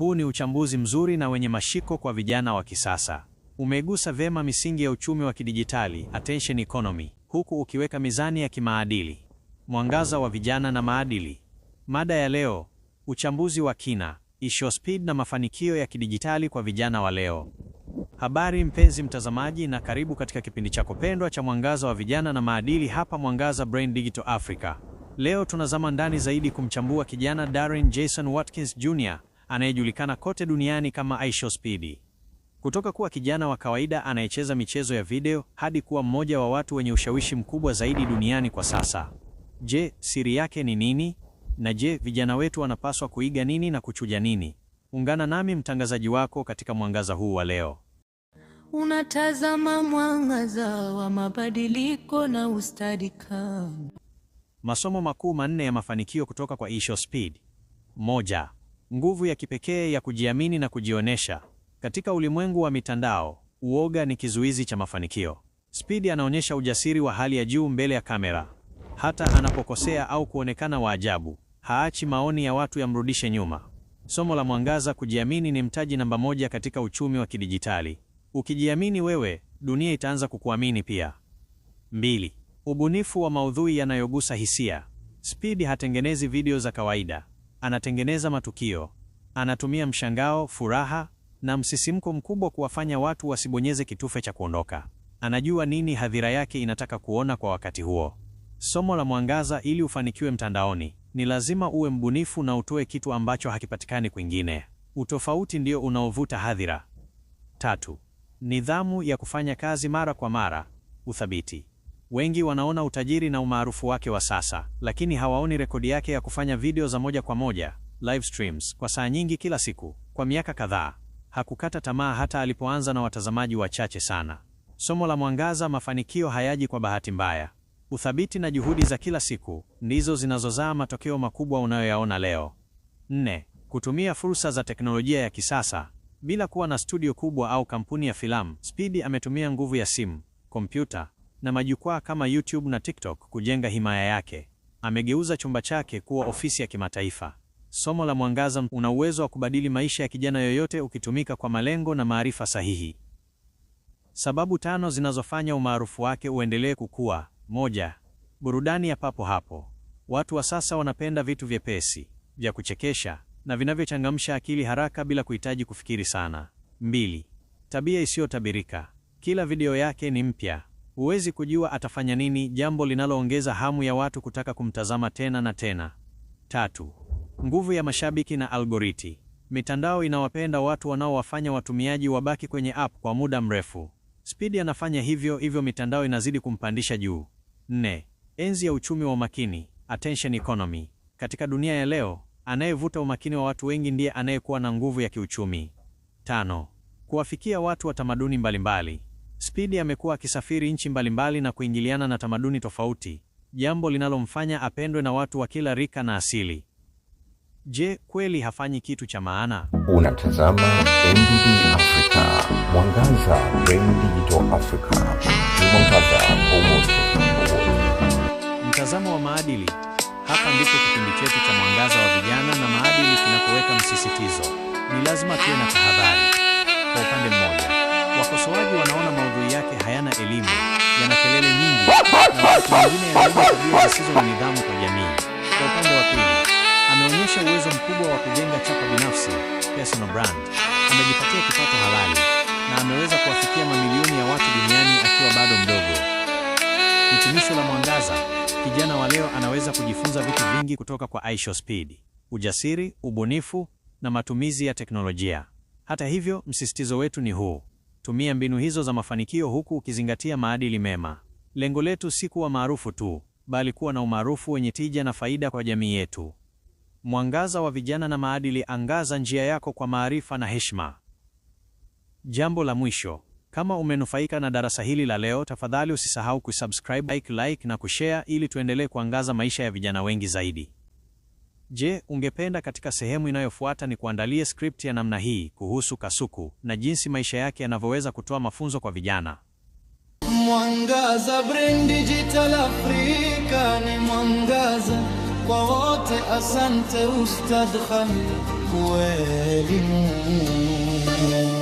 Huu ni uchambuzi mzuri na wenye mashiko kwa vijana wa kisasa. Umegusa vema misingi ya uchumi wa kidijitali, attention economy, huku ukiweka mizani ya kimaadili. Mwangaza wa vijana na maadili. Mada ya leo, uchambuzi wa kina, issue speed na mafanikio ya kidijitali kwa vijana wa leo. Habari mpenzi mtazamaji, na karibu katika kipindi chako pendwa cha Mwangaza wa Vijana na Maadili hapa Mwangaza Brain Digital Africa. Leo tunazama ndani zaidi kumchambua kijana Darren Jason Watkins Jr anayejulikana kote duniani kama Aisho Speedy. Kutoka kuwa kijana wa kawaida anayecheza michezo ya video hadi kuwa mmoja wa watu wenye ushawishi mkubwa zaidi duniani kwa sasa. Je, siri yake ni nini? Na je, vijana wetu wanapaswa kuiga nini na kuchuja nini? Ungana nami mtangazaji wako katika mwangaza huu wa leo. Unatazama mwangaza wa mabadiliko na ustadi Kam. Masomo makuu manne ya mafanikio kutoka kwa Aisho Speedy. Moja, Nguvu ya kipekee ya kujiamini na kujionyesha. Katika ulimwengu wa mitandao, uoga ni kizuizi cha mafanikio. Speed anaonyesha ujasiri wa hali ya juu mbele ya kamera. Hata anapokosea au kuonekana wa ajabu, haachi maoni ya watu yamrudishe nyuma. Somo la mwangaza: kujiamini ni mtaji namba moja katika uchumi wa kidijitali. Ukijiamini wewe, dunia itaanza kukuamini pia. Mbili, ubunifu wa maudhui yanayogusa hisia. Speed hatengenezi video za kawaida anatengeneza matukio, anatumia mshangao, furaha na msisimko mkubwa kuwafanya watu wasibonyeze kitufe cha kuondoka. Anajua nini hadhira yake inataka kuona kwa wakati huo. Somo la mwangaza: ili ufanikiwe mtandaoni, ni lazima uwe mbunifu na utoe kitu ambacho hakipatikani kwingine. Utofauti ndio unaovuta hadhira. Tatu, nidhamu ya kufanya kazi mara kwa mara, uthabiti. Wengi wanaona utajiri na umaarufu wake wa sasa, lakini hawaoni rekodi yake ya kufanya video za moja kwa moja, live streams, kwa saa nyingi kila siku kwa miaka kadhaa. Hakukata tamaa hata alipoanza na watazamaji wachache sana. Somo la mwangaza: mafanikio hayaji kwa bahati mbaya. Uthabiti na juhudi za kila siku ndizo zinazozaa matokeo makubwa unayoyaona leo. Nne, kutumia fursa za teknolojia ya kisasa. Bila kuwa na studio kubwa au kampuni ya filamu, Speedy ametumia nguvu ya simu, kompyuta na majukwaa kama YouTube na TikTok kujenga himaya yake. Amegeuza chumba chake kuwa ofisi ya kimataifa. Somo la Mwangaza una uwezo wa kubadili maisha ya kijana yoyote ukitumika kwa malengo na maarifa sahihi. Sababu tano zinazofanya umaarufu wake uendelee kukua. Moja, burudani ya papo hapo. Watu wa sasa wanapenda vitu vyepesi, vya kuchekesha na vinavyochangamsha akili haraka bila kuhitaji kufikiri sana. Mbili, tabia isiyotabirika. Kila video yake ni mpya, huwezi kujua atafanya nini, jambo linaloongeza hamu ya watu kutaka kumtazama tena na tena. Tatu, nguvu ya mashabiki na algoriti. Mitandao inawapenda watu wanaowafanya watumiaji wabaki kwenye app kwa muda mrefu. Spidi anafanya hivyo, hivyo mitandao inazidi kumpandisha juu. Nne, enzi ya uchumi wa umakini, attention economy. Katika dunia ya leo, anayevuta umakini wa watu wengi ndiye anayekuwa na nguvu ya kiuchumi. Tano, kuwafikia watu wa tamaduni mbalimbali. Spidi amekuwa akisafiri nchi mbalimbali na kuingiliana na tamaduni tofauti, jambo linalomfanya apendwe na watu wa kila rika na asili. Je, kweli hafanyi kitu cha maana? Unatazama MDD Africa, mwangaza Digital Africa, mwangaza mtazamo wa maadili. Hapa ndipo kipindi chetu cha mwangaza wa vijana na maadili kinapoweka msisitizo. Ni lazima tuwe na tahadhari. Kwa upande mmoja elimu, yana kelele nyingi na wakati mwingine yanaiga na nidhamu kwa jamii. Kwa upande wa pili, ameonyesha uwezo mkubwa wa kujenga chapa binafsi, personal brand. Amejipatia kipato halali na ameweza kuwafikia mamilioni ya watu duniani akiwa bado mdogo. Hitimisho la mwangaza, kijana wa leo anaweza kujifunza vitu vingi kutoka kwa Speed: ujasiri, ubunifu na matumizi ya teknolojia. Hata hivyo, msisitizo wetu ni huu. Tumia mbinu hizo za mafanikio huku ukizingatia maadili mema. Lengo letu si kuwa maarufu tu, bali kuwa na umaarufu wenye tija na faida kwa jamii yetu. Mwangaza wa vijana na maadili. Angaza njia yako kwa maarifa na heshima. Jambo la mwisho, kama umenufaika na darasa hili la leo, tafadhali usisahau kusubscribe, like, like na kushare ili tuendelee kuangaza maisha ya vijana wengi zaidi. Je, ungependa katika sehemu inayofuata ni kuandalie script ya namna hii kuhusu Kasuku na jinsi maisha yake yanavyoweza kutoa mafunzo kwa vijana. Mwangaza Brain Digital Africa ni mwangaza kwa wote. Asante Ustadh Hamid kwa elimu.